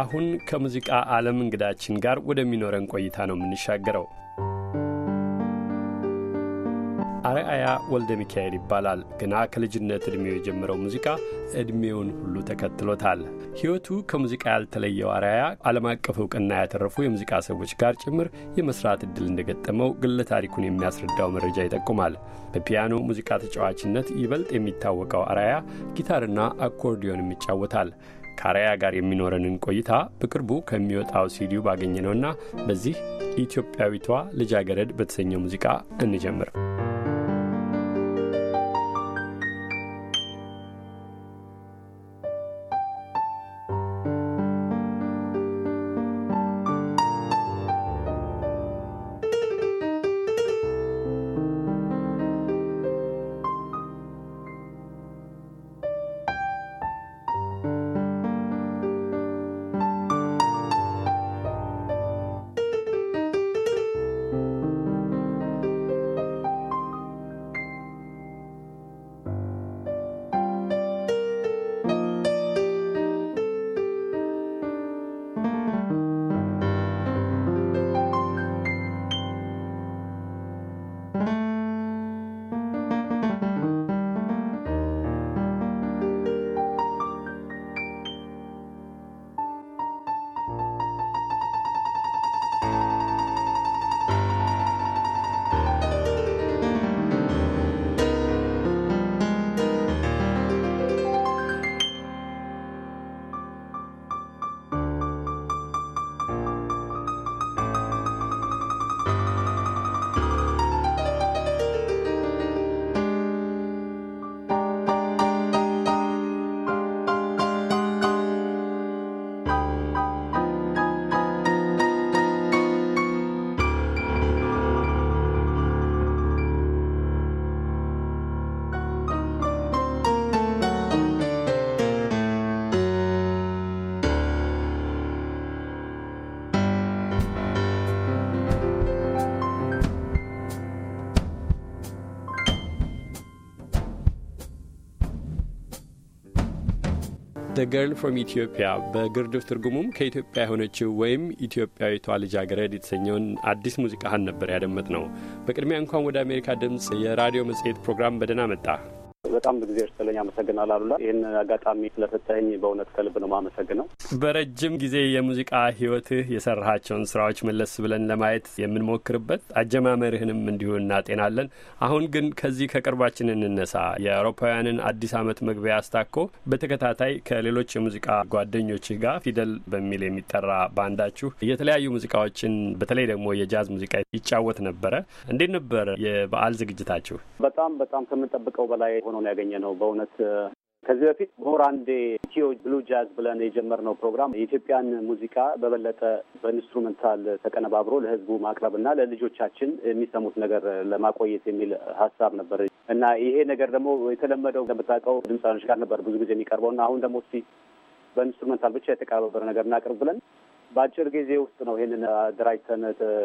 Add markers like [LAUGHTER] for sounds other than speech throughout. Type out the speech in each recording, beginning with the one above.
አሁን ከሙዚቃ ዓለም እንግዳችን ጋር ወደሚኖረን ቆይታ ነው የምንሻገረው። አርአያ ወልደ ሚካኤል ይባላል። ገና ከልጅነት ዕድሜው የጀመረው ሙዚቃ ዕድሜውን ሁሉ ተከትሎታል። ሕይወቱ ከሙዚቃ ያልተለየው አርአያ ዓለም አቀፍ እውቅና ያተረፉ የሙዚቃ ሰዎች ጋር ጭምር የመስራት ዕድል እንደገጠመው ግለ ታሪኩን የሚያስረዳው መረጃ ይጠቁማል። በፒያኖ ሙዚቃ ተጫዋችነት ይበልጥ የሚታወቀው አርአያ ጊታርና አኮርዲዮንም ይጫወታል። ካራያ ጋር የሚኖረንን ቆይታ በቅርቡ ከሚወጣው ሲዲዩ ባገኘ ነውና በዚህ ኢትዮጵያዊቷ ልጃገረድ በተሰኘ ሙዚቃ እንጀምር። ገርል ፍሮም ኢትዮጵያ በግርድፍ ትርጉሙም ከኢትዮጵያ የሆነችው ወይም ኢትዮጵያዊቷ ልጃገረድ የተሰኘውን አዲስ ሙዚቃህን ነበር ያደመጥ ነው። በቅድሚያ እንኳን ወደ አሜሪካ ድምፅ የራዲዮ መጽሔት ፕሮግራም በደህና መጣ። በጣም ጊዜ እርስትልኝ አመሰግናል። አሉላ ይህን አጋጣሚ ስለሰጠኝ በእውነት ከልብ ነው ማመሰግነው። በረጅም ጊዜ የሙዚቃ ህይወትህ የሰራሃቸውን ስራዎች መለስ ብለን ለማየት የምንሞክርበት አጀማመርህንም እንዲሁ እናጤናለን። አሁን ግን ከዚህ ከቅርባችን እንነሳ። የአውሮፓውያንን አዲስ አመት መግቢያ አስታኮ በተከታታይ ከሌሎች የሙዚቃ ጓደኞችህ ጋር ፊደል በሚል የሚጠራ ባንዳችሁ የተለያዩ ሙዚቃዎችን በተለይ ደግሞ የጃዝ ሙዚቃ ይጫወት ነበረ። እንዴት ነበር የበዓል ዝግጅታችሁ? በጣም በጣም ከምንጠብቀው በላይ ሆኖ ነው ያገኘ ነው። በእውነት ከዚህ በፊት ሞር አንዴ ኢትዮ ብሉ ጃዝ ብለን የጀመርነው ፕሮግራም የኢትዮጵያን ሙዚቃ በበለጠ በኢንስትሩመንታል ተቀነባብሮ ለህዝቡ ማቅረብ እና ለልጆቻችን የሚሰሙት ነገር ለማቆየት የሚል ሀሳብ ነበር እና ይሄ ነገር ደግሞ የተለመደው እንደምታውቀው ድምፃኖች ጋር ነበር ብዙ ጊዜ የሚቀርበው እና አሁን ደግሞ እስኪ በኢንስትሩመንታል ብቻ የተቀባበረ ነገር እናቅርብ ብለን በአጭር ጊዜ ውስጥ ነው ይህንን አደራጅተን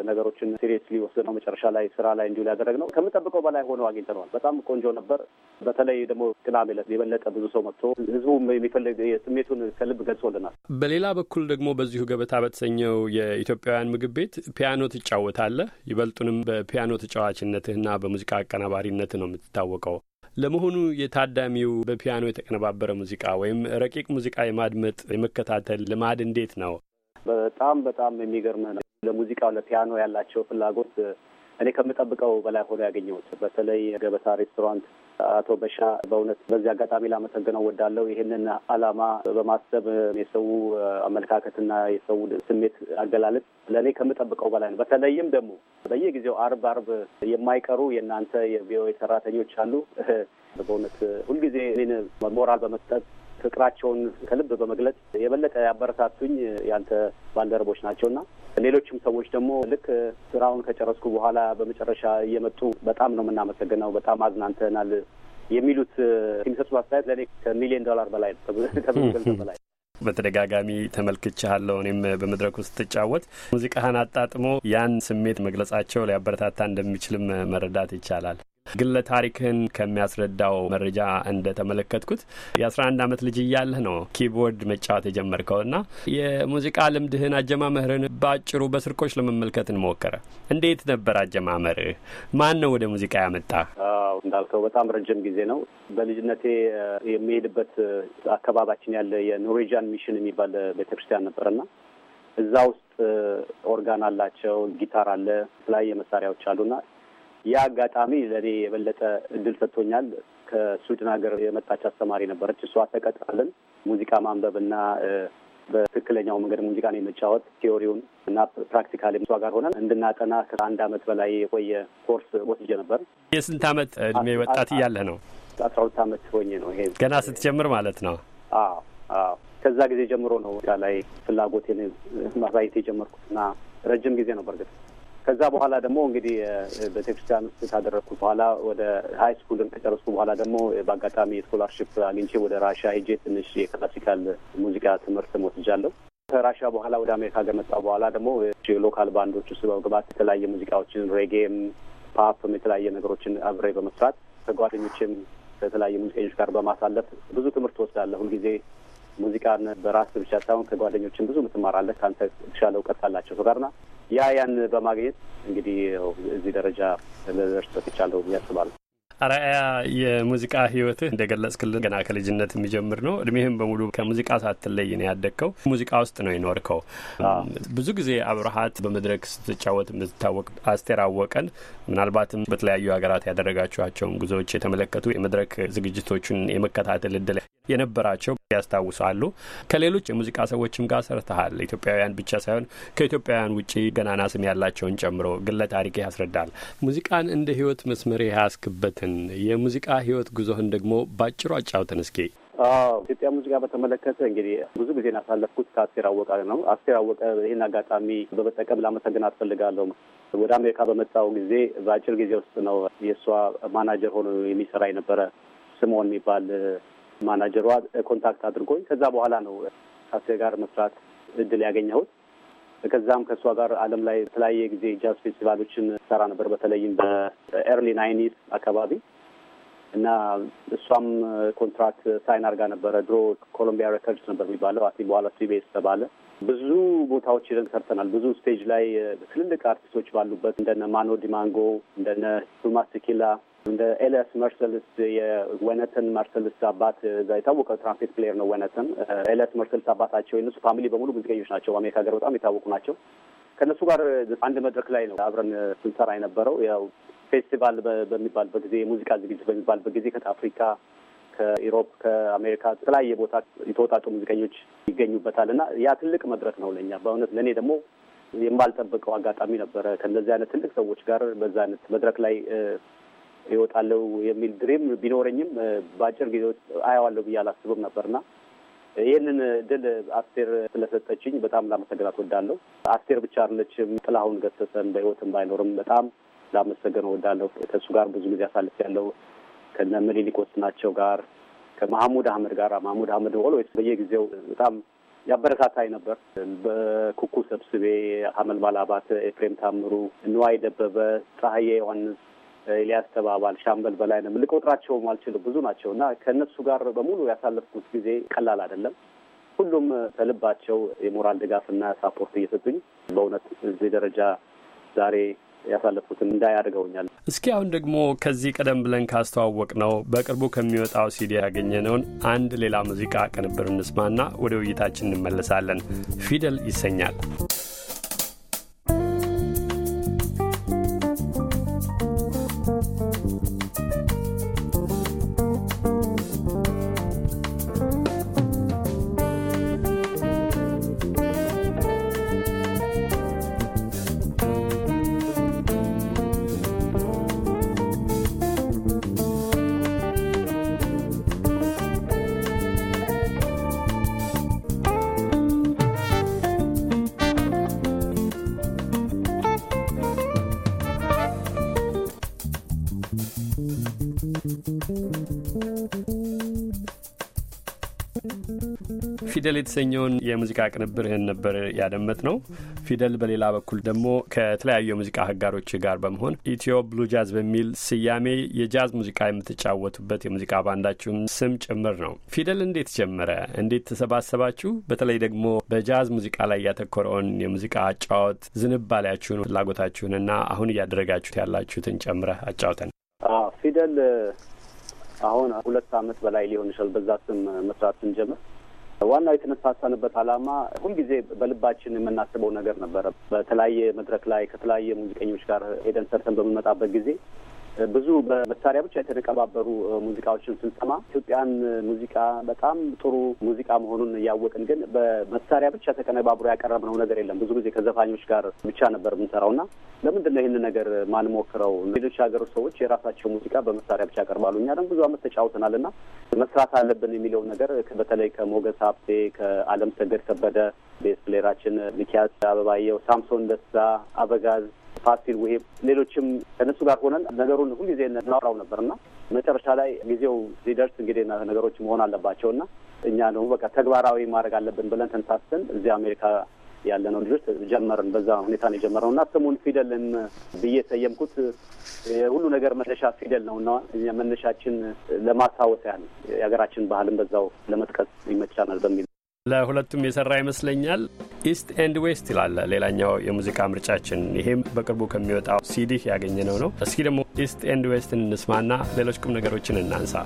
ነገሮችን ሲሪየስሊ ሊወስድ ነው መጨረሻ ላይ ስራ ላይ እንዲውል ነው። ከምጠብቀው በላይ ሆነው አግኝተነዋል። በጣም ቆንጆ ነበር። በተለይ ደግሞ ቅዳሜ ዕለት የበለጠ ብዙ ሰው መጥቶ ህዝቡ የሚፈልግ ስሜቱን ከልብ ገልጾልናል። በሌላ በኩል ደግሞ በዚሁ ገበታ በተሰኘው የኢትዮጵያውያን ምግብ ቤት ፒያኖ ትጫወታለህ። ይበልጡንም በፒያኖ ተጫዋችነትህና በሙዚቃ አቀናባሪነት ነው የምትታወቀው። ለመሆኑ የታዳሚው በፒያኖ የተቀነባበረ ሙዚቃ ወይም ረቂቅ ሙዚቃ የማድመጥ የመከታተል ልማድ እንዴት ነው? በጣም በጣም የሚገርምህ ነው። ለሙዚቃው ለፒያኖ ያላቸው ፍላጎት እኔ ከምጠብቀው በላይ ሆኖ ያገኘሁት በተለይ ገበታ ሬስቶራንት አቶ በሻ በእውነት በዚህ አጋጣሚ ላመሰግነው ወዳለው ይህንን ዓላማ በማሰብ የሰው አመለካከትና የሰው ስሜት አገላለጽ ለእኔ ከምጠብቀው በላይ ነው። በተለይም ደግሞ በየጊዜው አርብ አርብ የማይቀሩ የእናንተ የቪኦኤ ሰራተኞች አሉ። በእውነት ሁልጊዜ እኔን ሞራል በመስጠት ፍቅራቸውን ከልብ በመግለጽ የበለጠ ያበረታቱኝ ያንተ ባልደረቦች ናቸውና ሌሎችም ሰዎች ደግሞ ልክ ስራውን ከጨረስኩ በኋላ በመጨረሻ እየመጡ በጣም ነው የምናመሰግነው፣ በጣም አዝናንተናል የሚሉት የሚሰጡት አስተያየት ለእኔ ከሚሊዮን ዶላር በላይ ነው፣ [LAUGHS] ከብዙ ገንዘብ በላይ በተደጋጋሚ ተመልክቻለሁ። እኔም በመድረክ ውስጥ ትጫወት ሙዚቃህን አጣጥሞ ያን ስሜት መግለጻቸው ሊያበረታታ እንደሚችልም መረዳት ይቻላል። ግለ ታሪክህን ከሚያስረዳው መረጃ እንደተመለከትኩት የአስራ አንድ አመት ልጅ እያለህ ነው ኪቦርድ መጫወት የጀመርከው እና የሙዚቃ ልምድህን አጀማመርህን በአጭሩ በስርቆች ለመመልከት እንሞከረ። እንዴት ነበር አጀማመርህ? ማን ነው ወደ ሙዚቃ ያመጣ? እንዳልከው በጣም ረጅም ጊዜ ነው። በልጅነቴ የሚሄድበት አካባቢያችን ያለ የኖርዌጂያን ሚሽን የሚባል ቤተክርስቲያን ነበርና እዛ ውስጥ ኦርጋን አላቸው፣ ጊታር አለ፣ የተለያየ መሳሪያዎች አሉና ያ አጋጣሚ ለእኔ የበለጠ እድል ሰጥቶኛል። ከሱድን ሀገር የመጣች አስተማሪ ነበረች። እሷ ተቀጥራለን ሙዚቃ ማንበብና በትክክለኛው መንገድ ሙዚቃን የመጫወት ቴዎሪውን እና ፕራክቲካል እሷ ጋር ሆነን እንድናጠና ከአንድ አመት በላይ የቆየ ኮርስ ወስጄ ነበር። የስንት አመት እድሜ ወጣት እያለህ ነው? አስራ ሁለት አመት ሆኜ ነው። ይሄ ገና ስትጀምር ማለት ነው? አዎ አዎ። ከዛ ጊዜ ጀምሮ ነው ላይ ፍላጎቴን ማሳየት እና ረጅም ጊዜ ነው በእርግጥ ከዛ በኋላ ደግሞ እንግዲህ ቤተክርስቲያን ውስጥ ካደረግኩ በኋላ ወደ ሀይ ስኩልን ከጨረስኩ በኋላ ደግሞ በአጋጣሚ የስኮላርሽፕ አግኝቼ ወደ ራሻ ሄጄ ትንሽ የክላሲካል ሙዚቃ ትምህርት ወስጃለሁ። ከራሻ በኋላ ወደ አሜሪካ ከመጣ በኋላ ደግሞ የሎካል ባንዶች ውስጥ በመግባት የተለያየ ሙዚቃዎችን ሬጌም፣ ፓፕም የተለያየ ነገሮችን አብሬ በመስራት ከጓደኞችም ከተለያዩ ሙዚቀኞች ጋር በማሳለፍ ብዙ ትምህርት ወስዳለሁ። ሁልጊዜ ሙዚቃን በራስ ብቻ ሳይሆን ከጓደኞችን ብዙ ምትማራለህ ከአንተ የተሻለ እውቀት ካላቸው ጋርና ያ ያን በማግኘት እንግዲህ እዚህ ደረጃ ለደርስ ተቻለሁ ያስባል። አርአያ የሙዚቃ ህይወትህ እንደ ገለጽክልን ገና ከልጅነት የሚጀምር ነው። እድሜህም በሙሉ ከሙዚቃ ሳትለይ ነው ያደግከው። ሙዚቃ ውስጥ ነው የኖርከው። ብዙ ጊዜ አብረሃት በመድረክ ስትጫወት የምትታወቅ አስቴር አወቀን ምናልባትም በተለያዩ ሀገራት ያደረጋችኋቸውን ጉዞዎች የተመለከቱ የመድረክ ዝግጅቶቹን የመከታተል እድል የነበራቸው ያስታውሳሉ። ከሌሎች የሙዚቃ ሰዎችም ጋር ሰርተሃል። ኢትዮጵያውያን ብቻ ሳይሆን ከኢትዮጵያውያን ውጭ ገናና ስም ያላቸውን ጨምሮ ግለ ታሪክ ያስረዳል። ሙዚቃን እንደ ህይወት መስመር ያስክበትን የሙዚቃ ህይወት ጉዞህን ደግሞ ባጭሩ አጫውተን እስኪ። ኢትዮጵያ ሙዚቃ በተመለከተ እንግዲህ ብዙ ጊዜ ያሳለፍኩት ከአስቴር አወቀ ነው። አስቴር አወቀ ይህን አጋጣሚ በመጠቀም ላመሰግናት አስፈልጋለሁ። ወደ አሜሪካ በመጣው ጊዜ በአጭር ጊዜ ውስጥ ነው የእሷ ማናጀር ሆኖ የሚሰራ የነበረ ስምኦን የሚባል ማናጀሯ ኮንታክት አድርጎኝ ከዛ በኋላ ነው ሳሴ ጋር መስራት እድል ያገኘሁት። ከዛም ከእሷ ጋር ዓለም ላይ የተለያየ ጊዜ ጃዝ ፌስቲቫሎችን ሰራ ነበር፣ በተለይም በኤርሊ ናይኒስ አካባቢ እና እሷም ኮንትራክት ሳይን አድርጋ ነበረ። ድሮ ኮሎምቢያ ሬከርድስ ነበር የሚባለው አቲ በኋላ ሲቤስ ተባለ። ብዙ ቦታዎች ሄደን ሰርተናል። ብዙ ስቴጅ ላይ ትልልቅ አርቲስቶች ባሉበት እንደነ ማኖ ዲማንጎ እንደነ ቱማስ እንደ ኤልያስ መርሰልስ የወነትን መርሰልስ አባት እዛ የታወቀ ትራምፔት ፕሌየር ነው። ወነትን ኤልያስ መርሰልስ አባታቸው የነሱ ፋሚሊ በሙሉ ሙዚቀኞች ናቸው። በአሜሪካ ሀገር በጣም የታወቁ ናቸው። ከእነሱ ጋር አንድ መድረክ ላይ ነው አብረን ስንሰራ የነበረው። ያው ፌስቲቫል በሚባልበት ጊዜ የሙዚቃ ዝግጅት በሚባልበት ጊዜ ከአፍሪካ ከኢሮፕ ከአሜሪካ የተለያየ ቦታ የተወጣጡ ሙዚቀኞች ይገኙበታል እና ያ ትልቅ መድረክ ነው ለእኛ በእውነት ለእኔ ደግሞ የማልጠብቀው አጋጣሚ ነበረ ከእንደዚህ አይነት ትልቅ ሰዎች ጋር በዛ አይነት መድረክ ላይ ይወጣለው የሚል ድሪም ቢኖረኝም በአጭር ጊዜ አየዋለሁ ብዬ አላስብም ነበርና ይህንን እድል አስቴር ስለሰጠችኝ በጣም ላመሰግናት ወዳለሁ። አስቴር ብቻ አለችም፣ ጥላሁን ገሰሰን በህይወትም ባይኖርም በጣም ላመሰገን ወዳለሁ። ከእሱ ጋር ብዙ ጊዜ አሳልፍ ያለው ከነ ምኒልክ ወስናቸው ጋር ከማህሙድ አህመድ ጋር ማህሙድ አህመድ ሆሎ በየጊዜው በጣም ያበረታታኝ ነበር። በኩኩ ሰብስቤ፣ ሀመልማል አባተ፣ ኤፍሬም ታምሩ፣ ንዋይ ደበበ፣ ፀሐዬ ዮሐንስ ኤልያስ ተባባል፣ ሻምበል በላይነህ ልቆጥራቸውም አልችልም፣ ብዙ ናቸው እና ከእነሱ ጋር በሙሉ ያሳለፍኩት ጊዜ ቀላል አይደለም። ሁሉም ከልባቸው የሞራል ድጋፍና ሳፖርት እየሰጡኝ በእውነት እዚህ ደረጃ ዛሬ ያሳለፉትን እንዳይ አድርገውኛል። እስኪ አሁን ደግሞ ከዚህ ቀደም ብለን ካስተዋወቅ ነው በቅርቡ ከሚወጣው ሲዲ ያገኘነውን አንድ ሌላ ሙዚቃ ቅንብር እንስማና ወደ ውይይታችን እንመለሳለን። ፊደል ይሰኛል። ፊደል የተሰኘውን የሙዚቃ ቅንብርህን ነበር ያደመጥ ነው። ፊደል በሌላ በኩል ደግሞ ከተለያዩ የሙዚቃ ህጋሮች ጋር በመሆን ኢትዮ ብሉ ጃዝ በሚል ስያሜ የጃዝ ሙዚቃ የምትጫወቱበት የሙዚቃ ባንዳችሁን ስም ጭምር ነው። ፊደል እንዴት ጀመረ? እንዴት ተሰባሰባችሁ? በተለይ ደግሞ በጃዝ ሙዚቃ ላይ ያተኮረውን የሙዚቃ አጫወት ዝንባሌያችሁን፣ ፍላጎታችሁንና አሁን እያደረጋችሁት ያላችሁትን ጨምረህ አጫውተን። ፊደል አሁን ሁለት አመት በላይ ሊሆን ይችላል በዛ ስም መስራት ስንጀምር ዋናው የተነሳሳንበት ሁን ሁልጊዜ በልባችን የምናስበው ነገር ነበረ። በተለያየ መድረክ ላይ ከተለያየ ሙዚቀኞች ጋር ሄደን ሰርተን በምንመጣበት ጊዜ ብዙ በመሳሪያ ብቻ የተነቀባበሩ ሙዚቃዎችን ስንሰማ ኢትዮጵያን ሙዚቃ በጣም ጥሩ ሙዚቃ መሆኑን እያወቅን ግን በመሳሪያ ብቻ ተቀነባብሮ ያቀረብነው ነገር የለም። ብዙ ጊዜ ከዘፋኞች ጋር ብቻ ነበር የምንሰራው እና ለምንድን ነው ይህንን ነገር ማንሞክረው? ሌሎች ሀገሮች ሰዎች የራሳቸው ሙዚቃ በመሳሪያ ብቻ ያቀርባሉ። እኛ ደግሞ ብዙ አመት ተጫውተናል እና መስራት አለብን የሚለው ነገር በተለይ ከሞገስ ሀብቴ፣ ከአለም ሰገድ ከበደ ቤስ ፕሌራችን፣ ሚኪያስ አበባየው፣ ሳምሶን ደስታ፣ አበጋዝ ፋሲል ወይም ሌሎችም ከነሱ ጋር ሆነን ነገሩን ሁልጊዜ እናውራው ነበርና መጨረሻ ላይ ጊዜው ሲደርስ እንግዲህ ነገሮች መሆን አለባቸውና እኛ ደግሞ በቃ ተግባራዊ ማድረግ አለብን ብለን ተንሳስተን እዚህ አሜሪካ ያለነው ልጆች ጀመርን። በዛ ሁኔታ ነው የጀመረው እና ስሙን ፊደልም ብዬ ሰየምኩት። የሁሉ ነገር መነሻ ፊደል ነው እና መነሻችን ለማስታወስ ያህል የሀገራችን ባህልን በዛው ለመጥቀስ ይመቻናል በሚል ለሁለቱም የሰራ ይመስለኛል። ኢስት ኤንድ ዌስት ይላለ ሌላኛው የሙዚቃ ምርጫችን። ይሄም በቅርቡ ከሚወጣው ሲዲህ ያገኘነው ነው። እስኪ ደግሞ ኢስት ኤንድ ዌስትን እንስማና ሌሎች ቁም ነገሮችን እናንሳ።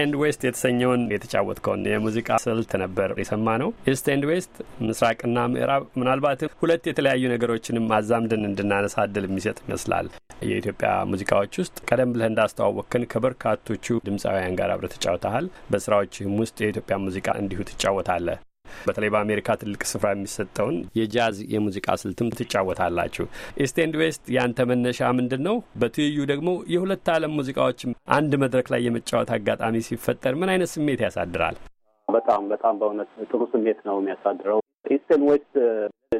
ኤንድ ዌስት የተሰኘውን የተጫወትከውን የሙዚቃ ስልት ነበር የሰማ ነው። ኢስት ኤንድ ዌስት ምስራቅና ምዕራብ ምናልባትም ሁለት የተለያዩ ነገሮችንም አዛምድን እንድናነሳ እድል የሚሰጥ ይመስላል። የኢትዮጵያ ሙዚቃዎች ውስጥ ቀደም ብለህ እንዳስተዋወቅክን ከበርካቶቹ ድምፃውያን ጋር አብረ ተጫውተሃል። በስራዎችህም ውስጥ የኢትዮጵያ ሙዚቃ እንዲሁ ትጫወታለህ። በተለይ በአሜሪካ ትልቅ ስፍራ የሚሰጠውን የጃዝ የሙዚቃ ስልትም ትጫወታላችሁ። ኢስቴንድ ዌስት ያንተ መነሻ ምንድን ነው? በትይዩ ደግሞ የሁለት ዓለም ሙዚቃዎችም አንድ መድረክ ላይ የመጫወት አጋጣሚ ሲፈጠር ምን አይነት ስሜት ያሳድራል? በጣም በጣም በእውነት ጥሩ ስሜት ነው የሚያሳድረው። ኢስቴን ዌስት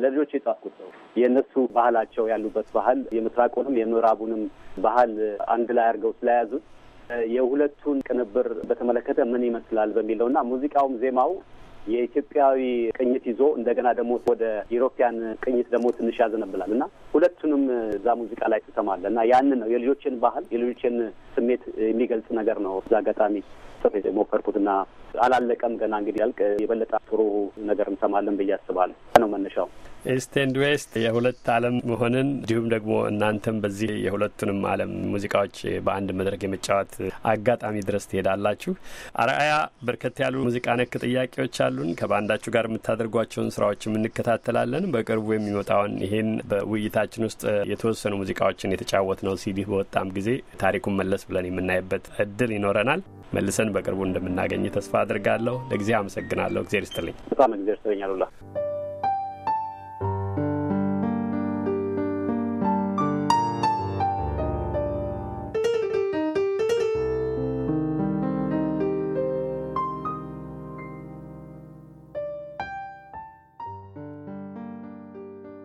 ለልጆች የጻፍኩት ነው። የእነሱ ባህላቸው ያሉበት ባህል የምስራቁንም የምዕራቡንም ባህል አንድ ላይ አድርገው ስለያዙት የሁለቱን ቅንብር በተመለከተ ምን ይመስላል በሚለው እና ሙዚቃውም ዜማው የኢትዮጵያዊ ቅኝት ይዞ እንደገና ደግሞ ወደ ኢሮፒያን ቅኝት ደግሞ ትንሽ ያዘነብላል እና ሁለቱንም እዛ ሙዚቃ ላይ ትሰማለ እና ያንን ነው የልጆችን ባህል የልጆችን ስሜት የሚገልጽ ነገር ነው። እዛ አጋጣሚ ሞከርኩት ሞከርኩትና አላለቀም ገና እንግዲህ ያልቅ የበለጠ ጥሩ ነገር እንሰማለን ብዬ አስባለሁ ነው መነሻው። ኢስት ኤንድ ዌስት የሁለት ዓለም መሆንን እንዲሁም ደግሞ እናንተም በዚህ የሁለቱንም ዓለም ሙዚቃዎች በአንድ መድረክ የመጫወት አጋጣሚ ድረስ ትሄዳላችሁ። አርአያ በርከት ያሉ ሙዚቃ ነክ ጥያቄዎች አሉን። ከባንዳችሁ ጋር የምታደርጓቸውን ስራዎችም እንከታተላለን። በቅርቡ የሚወጣውን ይህን በውይይታችን ውስጥ የተወሰኑ ሙዚቃዎችን የተጫወት ነው ሲዲ በወጣም ጊዜ ታሪኩን መለስ ብለን የምናይበት እድል ይኖረናል። መልሰን በቅርቡ እንደምናገኝ ተስፋ አድርጋለሁ። ለጊዜ አመሰግናለሁ። እግዜር ይስጥልኝ። በጣም እግዜር ይስጥልኝ አሉላ